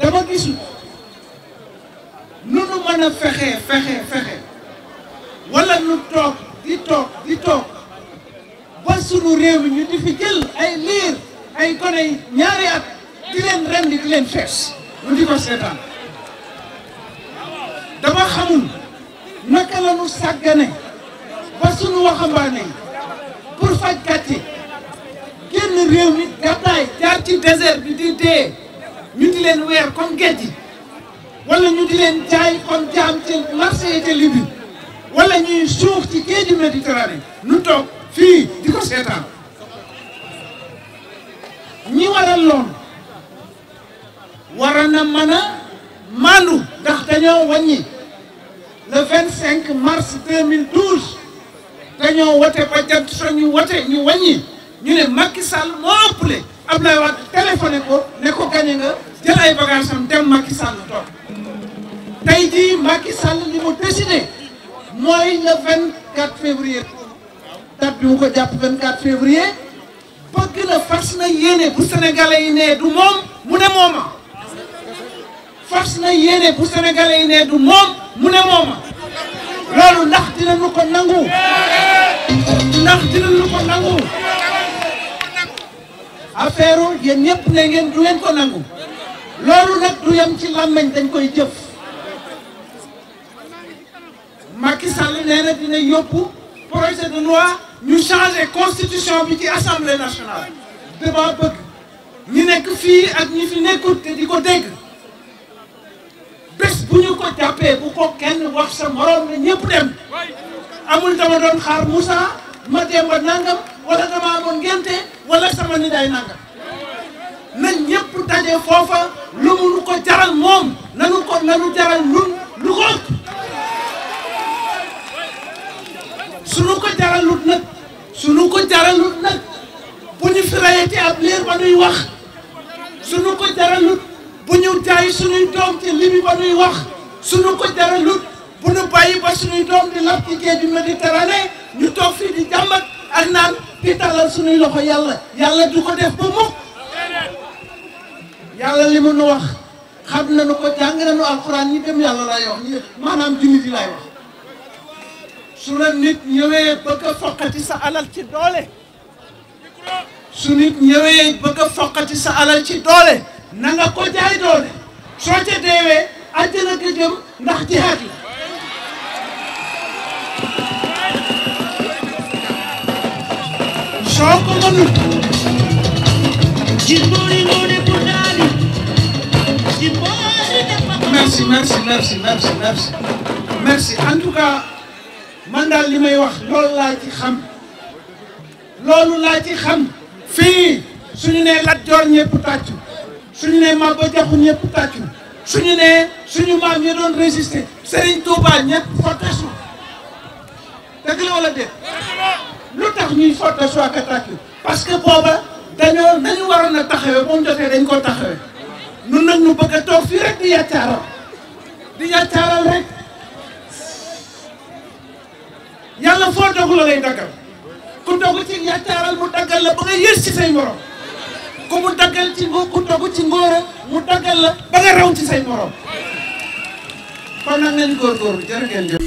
dama gisul nu nu mën fexe fexe fexe wala nu toog di toog di toog ba sunu réew mi ñu di fi jël ay liir ay gone ñaari at di leen rendi di leen fees ñu di ko seetaan dama xamul naka la nu sàggane ba sunu waxambaane yi pour faire yi quel nous réunit désert bi di nous di nous comme géej Nous wala ñu di nous jaay comme Diam, ci marché Libye Nous qui ci Méditerranée nous sommes nous, nous, nous, nous, le 25 mars 2012. dañoo wote ba jant so ñu ñu wàññi ñu ne Macky Sall moo ëppale Abdoulaye Wade téléphoné ko ne ko gañe nga jël ay bagages am dem Macky Sall toog tey jii Macky Sall li mu décidé mooy le 24 février date bi mu ko jàpp 24 février bëgg na fas na yéene bu sénégalais yi nee du moom mu ne mooma fas na yéene bu sénégalais yi nee du moom mu ne mooma loolu ndax dinañu ko nangu ndax dinañu ko nangu affaire yéen ñëpp ne ngeen du ngeen ko nangu loolu nag du yem ci làmmeñ dañ koy jëf Macky Sall nee na dina yóbbu projet de ñu changer constitution bi ci assemblée nationale dama bëgg ñi nekk fii ak ñi fi nekkut te di ko dégg bés bu ñu ko jàpp jàppee bu ko kenn wax sa moroom na ñëpp dem amul dama doon xaar Moussa ma dem ba nangam wala dama amoon ngente wala sama ni day nangam nañ ñëpp daje foofa lu mu ko jaral moom nanu ko nanu jaral nun lu ko ëpp sunu ko jaralut nag ko jaralut nag bu ñu fi rayete ab liir ba nuy wax sunu ko jaralut bu ñu jaay sunuy doom ci libi ba nuy wax suñu ko jaralut bu nu bàyyi ba suñuy doom di lap ci géej bi Méditerranée ñu toog fii di jàmbat ak naan di suñuy loxo yàlla yàlla du ko def ba mukk yàlla li mu nu wax xam nañu ko jàng nañu alxuraan ñi dem yàlla lay wax maanaam jullit yi wax su la nit ñëwee bëgg a foqati sa alal ci doole su nit ñëwee bëgg a foqati sa alal ci doole na nga ko jaay doole soo ca deewee àjjana ka jëm ndax ci la soo ko mënul jimboori moo ne pour daali jimboori merci merci merci merci merci merci en man daal li may wax loolu laa ci xam loolu laa ci xam fii suñu ne Lat Joor ñëpp tàccu suñu ne Maba Jaxu ñëpp tàccu suñu nee suñu maam ñu doon résister Serigne Touba ñëpp fottasu dëgg la wala lu tax ñuy fottasu ak attaque parce que booba dañoo nañu waroon a taxawee moom jotee dañ koo taxawee nun nag ñu bëgg toog fii rek di yàccaaral di yàccaaral rek yàlla foo dogu la lay daggal ku dogu ci yàccaaral mu daggal la ba nga yës ci say morom ku mu daggal ci ngó ku ci ngóora mu daggal la ba nga raw ci say morom kon nag nañ góorgóorlu jërë ngeen jëf